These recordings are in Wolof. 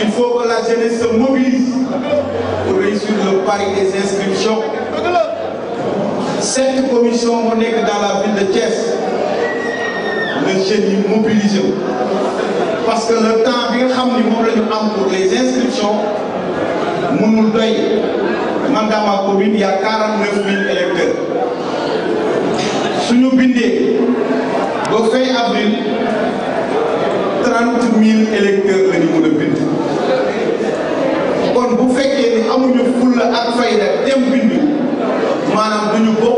Il faut que la jeunesse se mobilise pour réussir le pari des inscriptions. Cette commission mu nekk dans la ville de Thiès le jeunes yi mobilisé wu parce que le temps bi nga xam ni moom la ñu am pour les inscriptions mënul doy man commune il y a 49 000 électeurs suñu bindee ba fin avril 30 000 électeurs. fayda dem bindu maanaam duñu bokk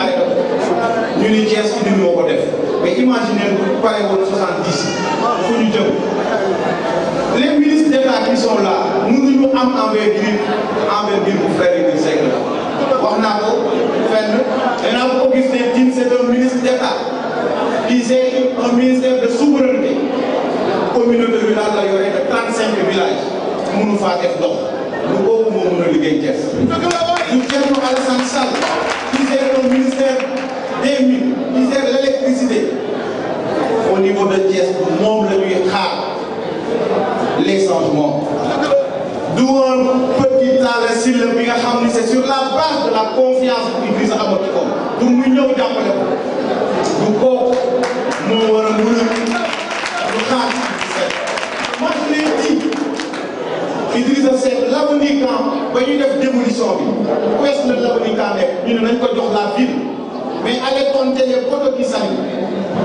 aéroport ñu ni Thiès Idy moo ko def mais imaginez bu pare woon 70 fu ñu jëm les ministres d'État qui sont là mënuñu am envergure envergure pour faire une siècle wax naa ko fenn danaa ko Augustin Tine c'est un ministre d'État qui gère un ministère de souveraineté communauté rurale la yore de 35 villages mënu faa def dox lu boobu moo mën a liggéey Thiès. du Thierno Alassane Sall. qui gère le ministère des mines qui gère de Thiès moom la ñuy xaar les changements du un petit Talla Sylla bi nga xam ni c'est sur la base la confiance bu Idrissa Amati ko pour mu ñëw jàppale ko du kooku moo war a mën a Labandi Camp ba ñuy def démolition bi ouest la Labandi Camp nekk ñu ne nañ ko jox la ville mais allez compter les poteaux qui s'allument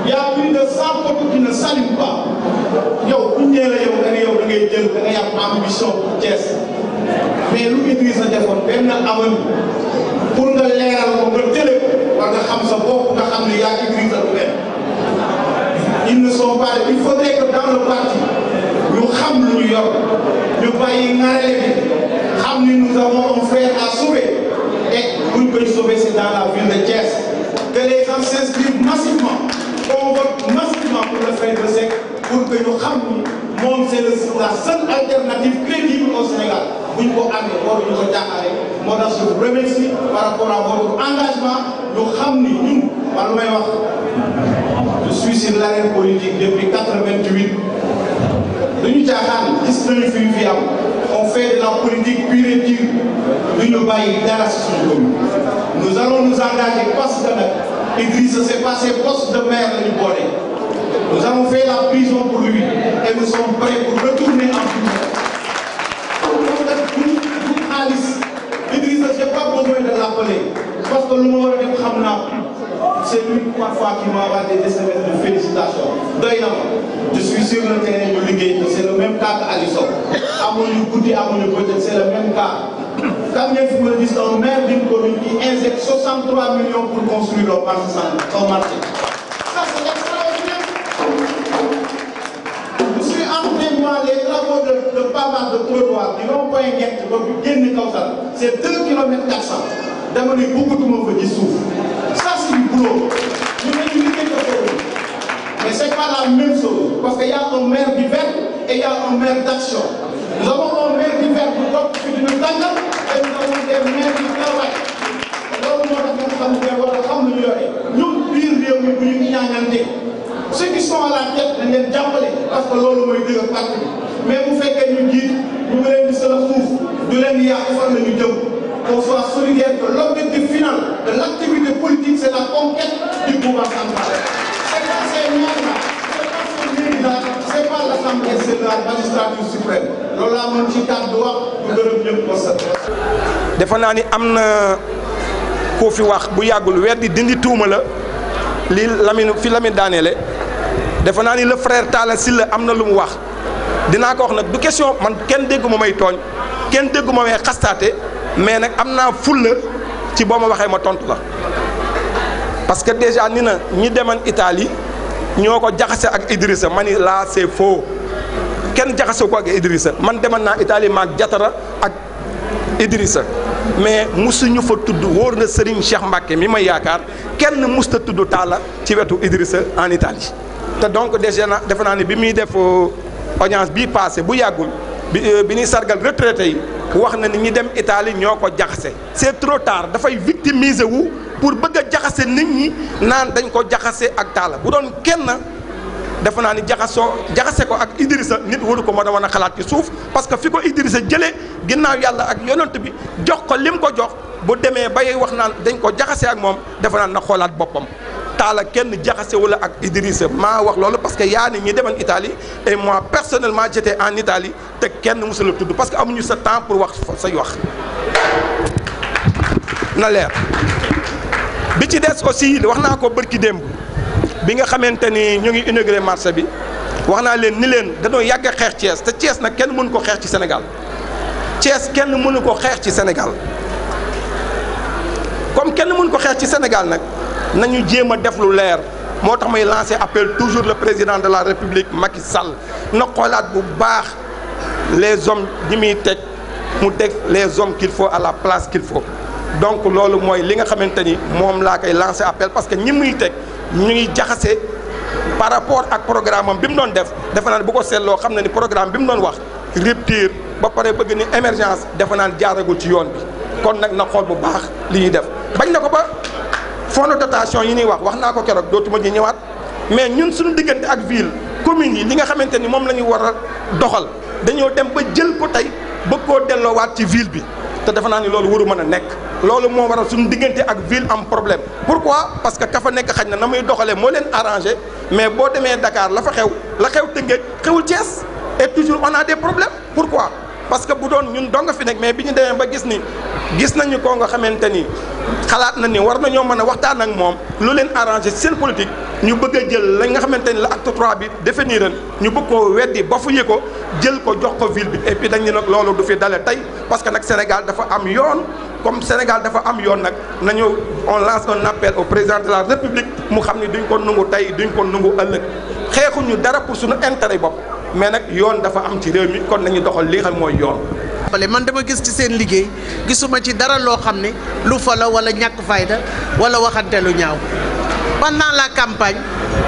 y a plus de cent poteaux qui ne s'allument pas yow nee la yow da nga yow da ngay jël da nga yàq ambition pour a mais lu Idrissa defoon benn amoon pour nga leeral ko nga jëlee ko war nga xam sa bopp nga xam ne yaa ngi Idrissa lu mel ils ne sont pas il faudrait que dans le parti xam lu yor ñu bàyyi ŋarale bi. xam ni nous avons un frère à sauver et buñ koy sauver c'est dans la ville de Thiès que les gens s'inscrivent massivement qu'on massivement pour le frère de pour que ñu xam ni moom c'est la seule alternative crédible au Sénégal buñ ko amee waruñu ko jaaxale moo tax remercie par rapport à votre engagement ñu xam ni ñun man lu may wax je suis sur l'arène politique depuis 88 duñu caaxaan fait de la politique pure et dure du ñu nous allons nous engager parce que nag Idrissa c'est pas ses de maire la ñu nous avons fait la prison pour lui et nous sommes prêts pour retourner en prison moom de l'appeler parce que lu ma C'est lui parfois qui m'envoie des SMS de félicitations. doy na ma je suis sur le terrain ñu liggéey c'est le même cas que Aliou Sow amuñu guddi amuñu bëccëg c'est le même cas. Quand vous me dites un maire d'une commune qui injecte 63 millions pour construire leur marché son marché. Ça c'est extraordinaire. Je suis en train de voir les travaux de de pavage de trottoir du rond-point Guet ba bu génn Kaolack c'est 2 kilomètres 400 dama ne bëggatuma fa gis suuf. sur boulot. Nous Mais ce n'est pas la même chose, parce que y a un maire d'hiver et il y a un maire d'action. Nous maire d'hiver pour top qui nous tente et nous avons des maires qui travaillent. loolu war que loolu mooy dëgg parti bi mais bu fekkee ñu jiit ñu ngi leen di sën a suuf du leen di yàq fan la ñu jëm qu'on soit solidaire que l'assemblée c'est la naa ni am na koo fi wax bu yàggul weddi dindi tuuma la li Lamine fi Lamine daaneele defe naa ni la frère Talla Sylla am na lu mu wax dinaa ko wax nag du question man kenn dégguma may tooñ kenn dégguma may xastaate mais nag am naa fulla ci boo ma waxee ma tontu la parce que déjà ni na ñi deman Italie ñoo ko jaxase ak Idrissa ma ni laa c'est faux kenn jaxase ko ak Idrissa man demal naa Italie maag jatara ak Idrissa mais musuñu fa tudd wóor na Serigne Cheikh Mbacke mi may yaakaar kenn musta tudd Talla ci wetu Idrissa en Italie te donc déjà na defe naa ne bi muy def euh, audience bi passé bu yàggul bi euh, bi ñuy sargal retraité yi wax na ni ñi dem itali ñoo ko jaxase c'est trop tard dafay victimiser wu pour bëgg a jaxase nit ñi naan dañ ko jaxase ak taala bu doon kenn dafa naa ni jaxasoo jaxase ko ak Idrissa nit waru ko mën a wan a xalaat ci suuf parce que fi ko Idrissa jëlee ginnaaw yàlla ak yonent bi jox ko lim ko jox bu demee bay wax naan dañ ko jaxase ak moom dafa naan na xoolaat boppam taala kenn jaxase wala ak Idrissa maa wax loolu parce que yaa ni ñi demoon Italie et moi personnellement j'étais en Italie te kenn musu tudd parce que amuñu sa temps pour wax sa wax na leer bi ci des aussi wax naa ko bërki démb bi nga xamante ni ñu ngi inauguré marché bi wax naa leen ni leen dañoo yàgg xeex Thiès te Thiès nag kenn mënu ko xeex ci Sénégal Thiès kenn mënu ko xeex ci Sénégal comme kenn mënu ko xeex ci Sénégal nag nañu jéem a def lu leer moo tax may lancé appel toujours le président de la République Macky Sall na xoolaat bu baax les hommes ñi muy teg mu teg les hommes qu'il faut à la place qu'il donc loolu mooy li nga xamante ni moom laa koy lancé appel parce que ñi muy teg ñu ngi jaxase par rapport ak programme am bi mu doon def defe naa ne bu ko seetloo xam na ni programme bi mu doon wax rupture ba pare bëgg ni émergence defe naa ne jaaragul ci yoon bi kon nag na xool bu baax li ñuy def bañ na ko ba fonds de dotation yi ñuy wax wax naa ko keroog dootuma ji ñëwaat mais ñun suñu diggante ak ville commune yi li nga xamante ni moom la ñu war a doxal dañoo dem ba jël ko tey bëgg koo delloowaat ci ville bi te defe naa ni loolu waru mën a nekk. loolu moo waral suñu diggante ak ville am problème pour parce que ka fa nekk xaj na na muy doxalee moo leen arranger mais boo demee dakaar la fa xew la xew Tëngéej xewul Thiès et toujours on a des problèmes pourquoi parce que bu doon ñun dong fi nekk mais bi ñu demee ba gis ni gis nañu koo nga xamante ni xalaat na ni war na ñoo mën a waxtaan ak moom lu leen arrangé seen politique ñu bëgg jël la nga xamante ni la acte trois bi définir ñu bëgg koo weddi ba fu ko jël ko jox ko ville et puis dañ ne nag loolu du fi dale tey parce que nag Sénégal dafa am yoon. comme Sénégal dafa am yoon nag nañu on lance un appel au président de la république mu xam ni duñ koo nungu tey duñ ko nungu ëllëg ñu dara pour suñu intérêt bopp mais nag yoon dafa am ci réew mi kon nañu doxal li xam mooy yoon. man dama gis ci seen liggéey gisuma ci dara loo xam ne lu fa la wala ñàkk fayda wala waxante lu ñaaw pendant la campagne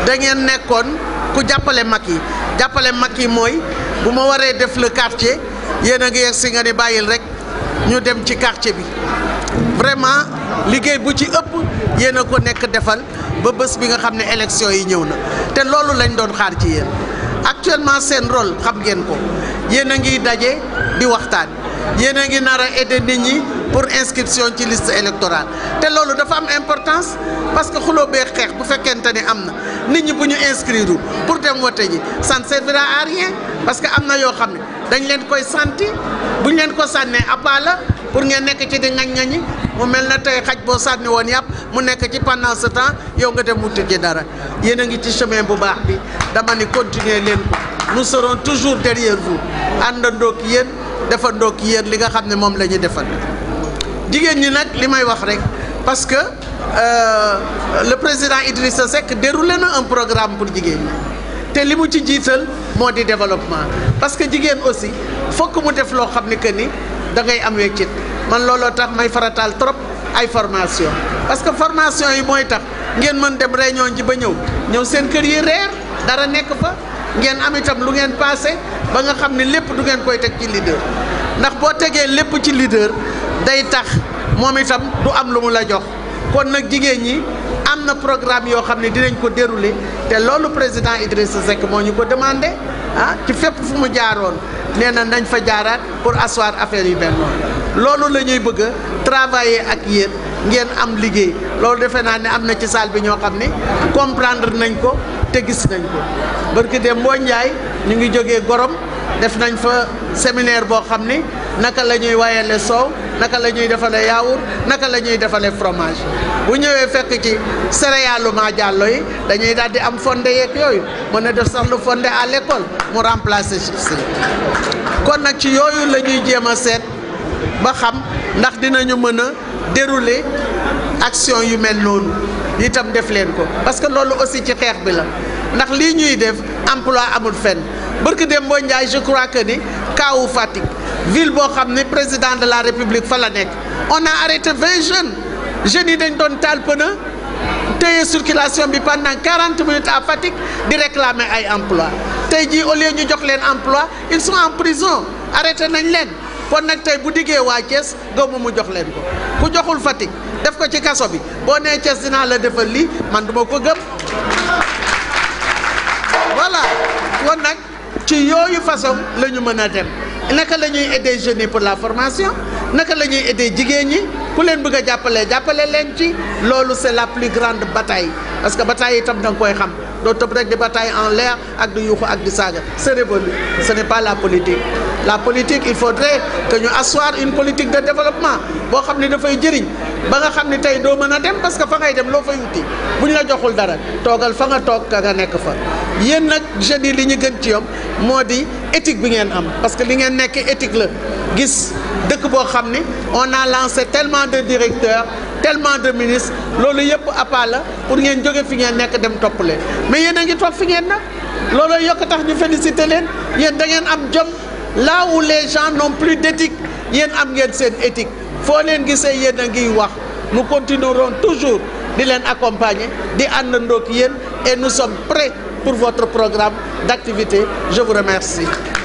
da ngeen nekkoon ku jàppale mag yi jàppale mag yi mooy bu ma waree def le quartier yéen a ngi si nga ne bàyyil rek. ñu dem ci quartier bi vraiment liggéey bu ci ëpp yéen a ko nekk defal ba bés bi nga xam ne élection yi ñëw na te loolu lañ doon xaar ci yéen actuellement seen rôle xam ngeen ko yéen a ngi daje di waxtaan yéen a ngi nar a nit ñi pour inscription ci liste électorale te loolu dafa am importance parce que xuloo bee xeex bu fekkente ni am na nit ñi bu ñu inscrire pour dem wote ji ça ne à rien parce que am na yoo xam dañ leen koy santi bu buñ leen ko sànnee appaa la pour ngeen nekk ci di ngañ-ngañi mu mel na tey xaj boo sànni woon yàpp mu nekk ci pendant ce temps yow nga dem wuti ci dara yéen a ngi ci chemin bu baax bi dama ne continuer leen ko nous serons toujours derrière vous àndandoo ki yéen defandoo ki yéen li nga xam ne moom la ñuy defal jigéen ñi nag li may wax rek parce que euh, le président Idrissa Seck déroulé na un programme pour jigéen ñi te li mu ci jiital moo di développement parce que jigéen aussi fokk mu def loo xam ne que ni da ngay am weccit man looloo tax may farataal trop ay formation parce que formation yi mooy tax ngeen mën dem réunion ji ba ñëw ñëw seen kër yi reer dara nekk fa ngeen am itam lu ngeen passé ba nga xam ne lépp du ngeen koy teg ci leader ndax boo tegee lépp ci leader day tax moom itam du am lu mu la jox kon nag jigéen ñi am na programme yoo xam ne dinañ ko dérouler te loolu président Idrissa Seck moo ñu ko demandé ah ci fépp fu mu jaaroon nee na nañ fa jaaraat pour asseoir affaire yu benn loolu la ñuy bëgg a ak yéen ngeen am liggéey loolu defe naa ne am na ci salle bi ñoo xam ne comprendre nañ ko te gis nañ ko barki dem boo ñu ngi jógee Gorom. def nañ fa séminaire boo xam ni naka la ñuy wayale soow naka la ñuy defalee yaourt naka la ñuy defalee fromage bu ñëwee fekk ci céréalu ma jàllo yi dañuy daal di am fonde yeeg yooyu mën a def sax lu fonde à l'école mu remplacer chips yi kon nag ci yooyu la ñuy jéem a seet ba xam ndax dinañu mën a dérouler action yu mel noonu itam def leen ko parce que loolu aussi ci xeex bi la ndax lii ñuy def emploi amul fenn barki dem boo Ndiaye je crois que ni kaawu Fatick ville boo xam ne président de la république fa la nekk on a arrêté vingt jeunes jeunes yi dañ doon taal pneu téye circulation bi pendant quarante minutes à Fatick di réclamer ay emploi tey jii au lieu ñu jox leen emploi ils sont en prison arrêté nañ leen kon nag tey bu diggee waa Thiès gëmmu mu jox leen ko ku joxul Fatick def ko ci kaso bi boo nee Thiès dinaa la defal lii man duma ko gëm voilà kon ci yooyu façon la ñu mën a dem naka la ñuy aider jeunes yi pour la formation naka la ñuy aider jigéen ñi ku leen bëgg a jàppale jàppale leen ci loolu c'est la plus grande bataille parce que bataille itam da nga koy xam doo tëb rek di bataille en leer ak di yuuxu ak di saaga c'est révolu ce n'est pas la politique la politique il faudrait que ñu asseoir une politique de développement boo xam ne dafay jëriñ ba nga xam ne tey doo mën a dem parce que fa ngay dem loo fay wuti bu ñu la joxul dara toogal fa nga toog ka nga nekk fa yéen nag jeunes yi li ñu gën ci yom moo di étique bi ngeen am parce que li ngeen nekk éthique la gis dëkk boo xam ne on a lancé tellement de directeur tellement de ministres loolu yëpp appât la pour ngeen jóge fi ngeen nekk dem topp leen mais yéen a ngi toog fi ngeen nag looloo yokk tax ñu félicité leen yéen da ngeen am jom là où les gens n'ont yéen am ngeen seen éthique foo leen gisee yéen a ngiy wax nous continuerons toujours di leen accompagner di àndandoo ak yéen et nous sommes prêts pour votre programme d'activité je vous remercie